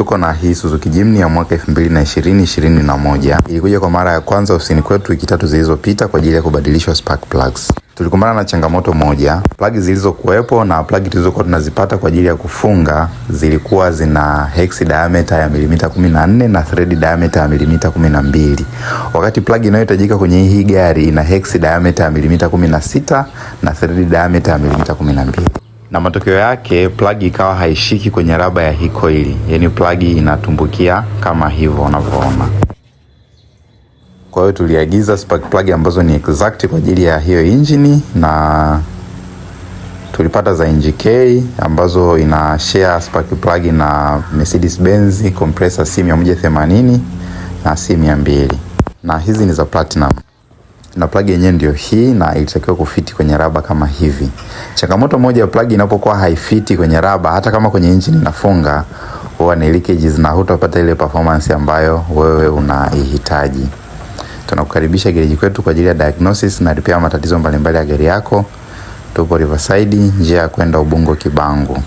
Tuko na hii Suzuki Jimny ya mwaka 2020 moja. Ilikuja kwa mara ya kwanza ofisini kwetu wiki tatu zilizopita kwa ajili ya kubadilishwa spark plugs. Tulikumbana na changamoto moja, plagi zilizokuwepo na plug tulizokuwa tunazipata kwa ajili ya kufunga zilikuwa zina hex diameter ya milimita 14 na thread diameter ya milimita 12, wakati plug inayohitajika kwenye hii gari ina hex diameter ya milimita 16 na thread diameter ya milimita 12 na matokeo yake plagi ikawa haishiki kwenye raba ya hii koili, yaani plagi inatumbukia kama hivyo unavyoona. Kwa hiyo tuliagiza spark plug ambazo ni exact kwa ajili ya hiyo injini na tulipata za NGK ambazo ina share spark plug na Mercedes Benz compressor C180 na C200 na hizi ni za platinum na plug yenyewe ndio hii na ilitakiwa kufiti kwenye raba kama hivi. Changamoto moja ya plug inapokuwa haifiti kwenye raba, hata kama kwenye engine inafunga, huwa ni leakages na hutapata ile performance ambayo wewe unaihitaji. Tunakukaribisha gereji kwetu kwa ajili ya diagnosis na repair matatizo mbalimbali ya gari yako. Tupo Riverside, njia ya kwenda Ubungo Kibangu.